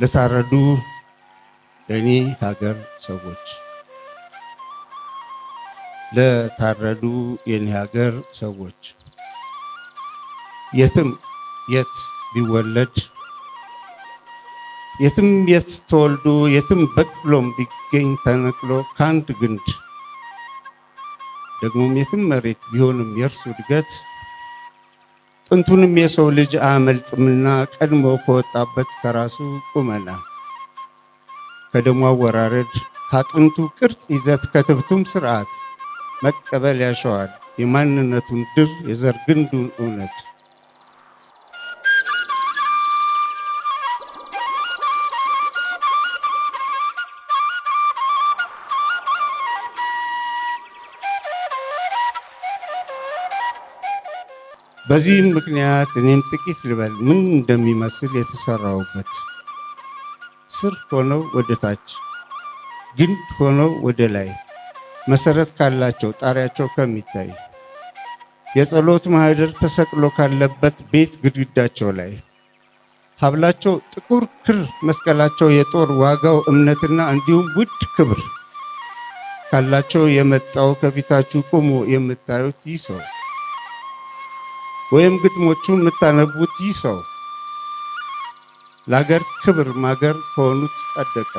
ለታረዱ ለእኔ ሀገር ሰዎች ለታረዱ የኔ ሀገር ሰዎች የትም የት ቢወለድ የትም የት ተወልዶ የትም በቅሎም ቢገኝ ተነቅሎ ከአንድ ግንድ ደግሞም የትም መሬት ቢሆንም የእርሱ እድገት ጥንቱንም የሰው ልጅ አያመልጥምና ቀድሞ ከወጣበት ከራሱ ቁመና ከደሞ አወራረድ ከአጥንቱ ቅርጽ ይዘት ከትብቱም ስርዓት መቀበል ያሸዋል የማንነቱን ድር የዘር ግንዱን እውነት በዚህም ምክንያት እኔም ጥቂት ልበል ምን እንደሚመስል የተሰራውበት ስር ሆነው ወደ ታች ግንድ ሆነው ወደ ላይ መሰረት ካላቸው ጣሪያቸው ከሚታይ የጸሎት ማህደር ተሰቅሎ ካለበት ቤት ግድግዳቸው ላይ ሀብላቸው ጥቁር ክር መስቀላቸው የጦር ዋጋው እምነትና እንዲሁም ውድ ክብር ካላቸው የመጣው ከፊታችሁ ቆሞ የምታዩት ይህ ሰው ወይም ግጥሞቹን የምታነቡት ይህ ሰው ለአገር ክብር ማገር ከሆኑት ጸደቀ፣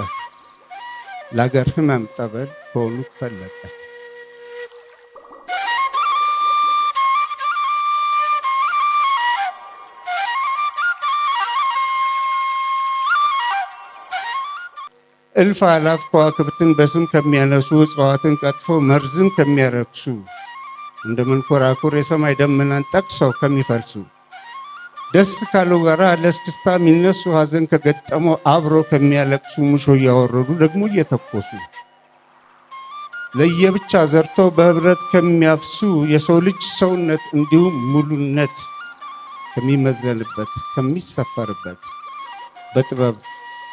ለአገር ህመም ጠበል ከሆኑት ፈለቀ። እልፍ አላፍ ከዋክብትን በስም ከሚያነሱ እጽዋትን ቀጥፎ መርዝን ከሚያረክሱ እንደ መንኮራኩር የሰማይ ደመናን ጠቅሰው ከሚፈልሱ ደስ ካለው ጋር ለእስክስታ የሚነሱ ሐዘን ከገጠመው አብሮ ከሚያለቅሱ ሙሾ እያወረዱ ደግሞ እየተኮሱ ለየብቻ ዘርቶ በህብረት ከሚያፍሱ የሰው ልጅ ሰውነት እንዲሁም ሙሉነት ከሚመዘንበት ከሚሰፈርበት በጥበብ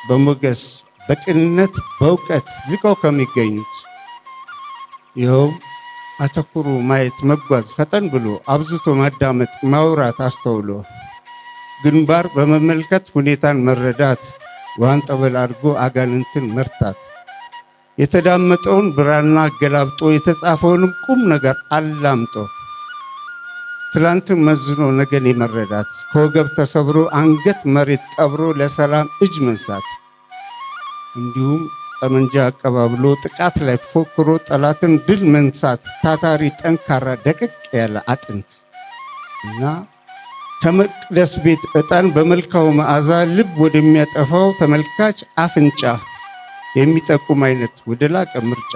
በሞገስ በቅንነት በእውቀት ልቀው ከሚገኙት ይኸውም አተኩሩ ማየት፣ መጓዝ፣ ፈጠን ብሎ አብዝቶ ማዳመጥ፣ ማውራት፣ አስተውሎ ግንባር በመመልከት ሁኔታን መረዳት፣ ውሃን ጠበል አድርጎ አጋንንትን መርታት፣ የተዳመጠውን ብራና ገላብጦ የተጻፈውንም ቁም ነገር አላምጦ ትላንትን መዝኖ ነገን የመረዳት ከወገብ ተሰብሮ አንገት መሬት ቀብሮ ለሰላም እጅ መንሳት እንዲሁም ጠመንጃ አቀባብሎ ጥቃት ላይ ፎክሮ ጠላትን ድል መንሳት ታታሪ ጠንካራ ደቀቅ ያለ አጥንት እና ከመቅደስ ቤት ዕጣን በመልካው መዓዛ ልብ ወደሚያጠፋው ተመልካች አፍንጫ የሚጠቁም አይነት ወደ ላቀ ምርጫ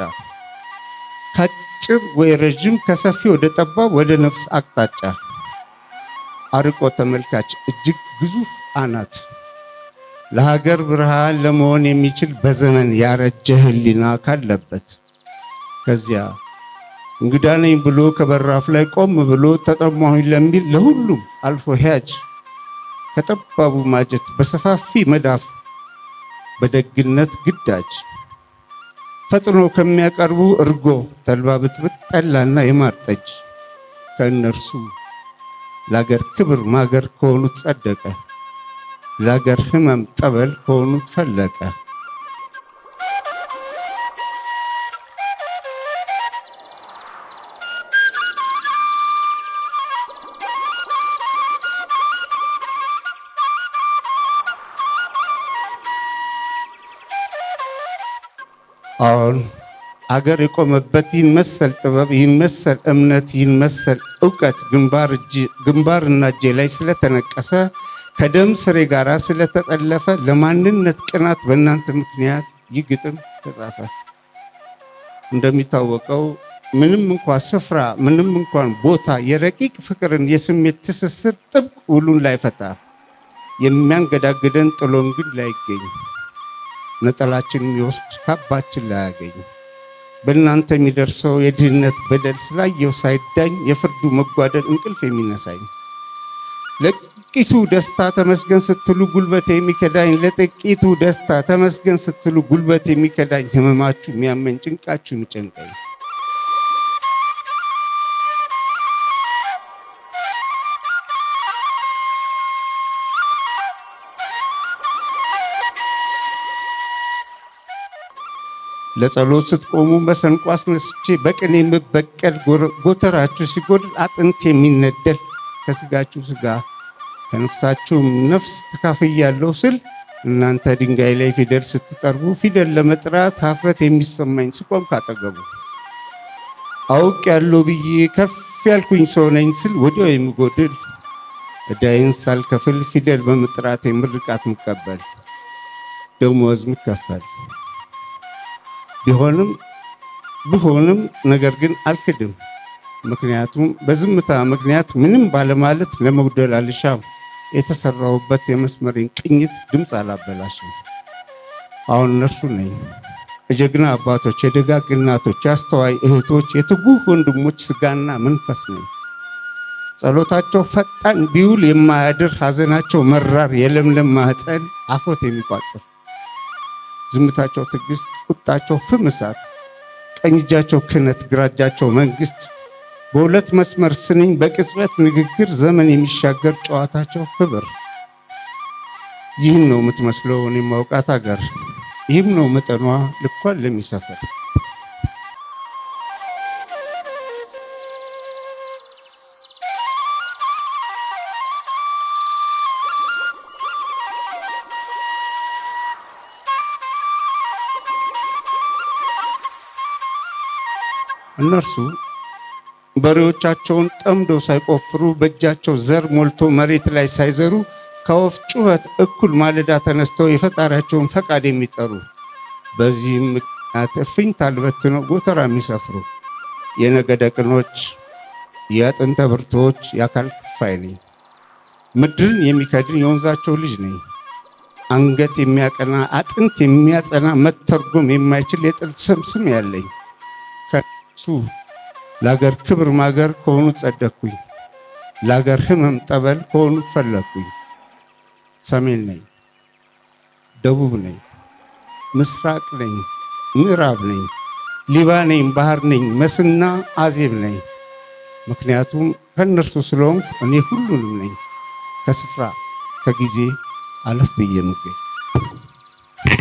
ከጭር ወይ ረዥም ከሰፊ ወደ ጠባብ ወደ ነፍስ አቅጣጫ አርቆ ተመልካች እጅግ ግዙፍ አናት ለሀገር ብርሃን ለመሆን የሚችል በዘመን ያረጀ ህሊና ካለበት ከዚያ እንግዳ ነኝ ብሎ ከበራፍ ላይ ቆም ብሎ ተጠማሁኝ ለሚል ለሁሉም አልፎ ሂያጅ ከጠባቡ ማጀት በሰፋፊ መዳፍ በደግነት ግዳጅ ፈጥኖ ከሚያቀርቡ እርጎ ተልባ ብጥብጥ ጠላና የማር ጠጅ ከእነርሱ ለአገር ክብር ማገር ከሆኑት ጸደቀ ለአገር ህመም ጠበል ከሆኑት ፈለቀ። አዎን አገር የቆመበት ይህን መሰል ጥበብ፣ ይህን መሰል እምነት፣ ይህን መሰል እውቀት ግንባርና እጄ ላይ ስለተነቀሰ ከደም ስሬ ጋር ስለተጠለፈ ለማንነት ቅናት በእናንተ ምክንያት ይህ ግጥም ተጻፈ። እንደሚታወቀው ምንም እንኳን ስፍራ ምንም እንኳን ቦታ የረቂቅ ፍቅርን የስሜት ትስስር ጥብቅ ውሉን ላይፈታ የሚያንገዳግደን ጥሎን ግን ላይገኝ ነጠላችን የሚወስድ ካባችን ላያገኝ በእናንተ የሚደርሰው የድህነት በደል ስላየው ሳይዳኝ የፍርዱ መጓደል እንቅልፍ የሚነሳኝ ለጥቂቱ ደስታ ተመስገን ስትሉ ጉልበት የሚከዳኝ ለጥቂቱ ደስታ ተመስገን ስትሉ ጉልበት የሚከዳኝ ህመማችሁ የሚያመን ጭንቃችሁ የሚጨንቀኝ ለጸሎት ስትቆሙ መሰንቆ አስነስቼ በቅን የምበቀል ጎተራችሁ ሲጎድል አጥንት የሚነደል ከስጋችሁ ስጋ ከነፍሳችሁም ነፍስ ተካፍያለሁ ስል እናንተ ድንጋይ ላይ ፊደል ስትጠርቡ ፊደል ለመጥራት ሀፍረት የሚሰማኝ ስቆም ካጠገቡ አውቅ ያለው ብዬ ከፍ ያልኩኝ ሰው ነኝ ስል ወዲያው የሚጎድል እዳይን ሳልከፍል ፊደል በመጥራት የምርቃት ምቀበል ደሞዝ ምከፈል ቢሆንም ብሆንም ነገር ግን አልክድም። ምክንያቱም በዝምታ ምክንያት ምንም ባለማለት ለመጉደል አልሻም። የተሰራውበት የመስመሬን ቅኝት ድምፅ አላበላሽም። አሁን እነርሱ ነኝ። የጀግና አባቶች፣ የደጋግ እናቶች፣ የአስተዋይ እህቶች፣ የትጉህ ወንድሞች ስጋና መንፈስ ነኝ። ጸሎታቸው ፈጣን ቢውል የማያድር ሐዘናቸው መራር የለምለም ማህፀን አፎት የሚቋጥር ዝምታቸው ትዕግስት፣ ቁጣቸው ፍም እሳት፣ ቀኝ እጃቸው ክህነት፣ ግራ እጃቸው መንግስት! በሁለት መስመር ስንኝ በቅጽበት ንግግር ዘመን የሚሻገር ጨዋታቸው ክብር። ይህም ነው የምትመስለው እኔ ማውቃት አገር ይህም ነው መጠኗ ልኳን ለሚሰፍር እነርሱ በሬዎቻቸውን ጠምዶ ሳይቆፍሩ በእጃቸው ዘር ሞልቶ መሬት ላይ ሳይዘሩ ከወፍ ጩኸት እኩል ማለዳ ተነስተው የፈጣሪያቸውን ፈቃድ የሚጠሩ በዚህም ምክንያት እፍኝ ታልበትነው ጎተራ የሚሰፍሩ የነገደ ቅኖች፣ የጥንተ ብርቶች የአካል ክፋይ ነኝ። ምድርን የሚከድን የወንዛቸው ልጅ ነኝ። አንገት የሚያቀና አጥንት የሚያጸና መተርጎም የማይችል የጥል ስምስም ያለኝ ከሱ ለአገር ክብር ማገር ከሆኑት ጸደቅኩኝ፣ ለአገር ህመም ጠበል ከሆኑት ፈለግኩኝ። ሰሜን ነኝ፣ ደቡብ ነኝ፣ ምስራቅ ነኝ፣ ምዕራብ ነኝ፣ ሊባ ነኝ፣ ባህር ነኝ፣ መስና አዜብ ነኝ። ምክንያቱም ከእነርሱ ስለሆንኩ እኔ ሁሉንም ነኝ፣ ከስፍራ ከጊዜ አለፍ ብዬ ምገኝ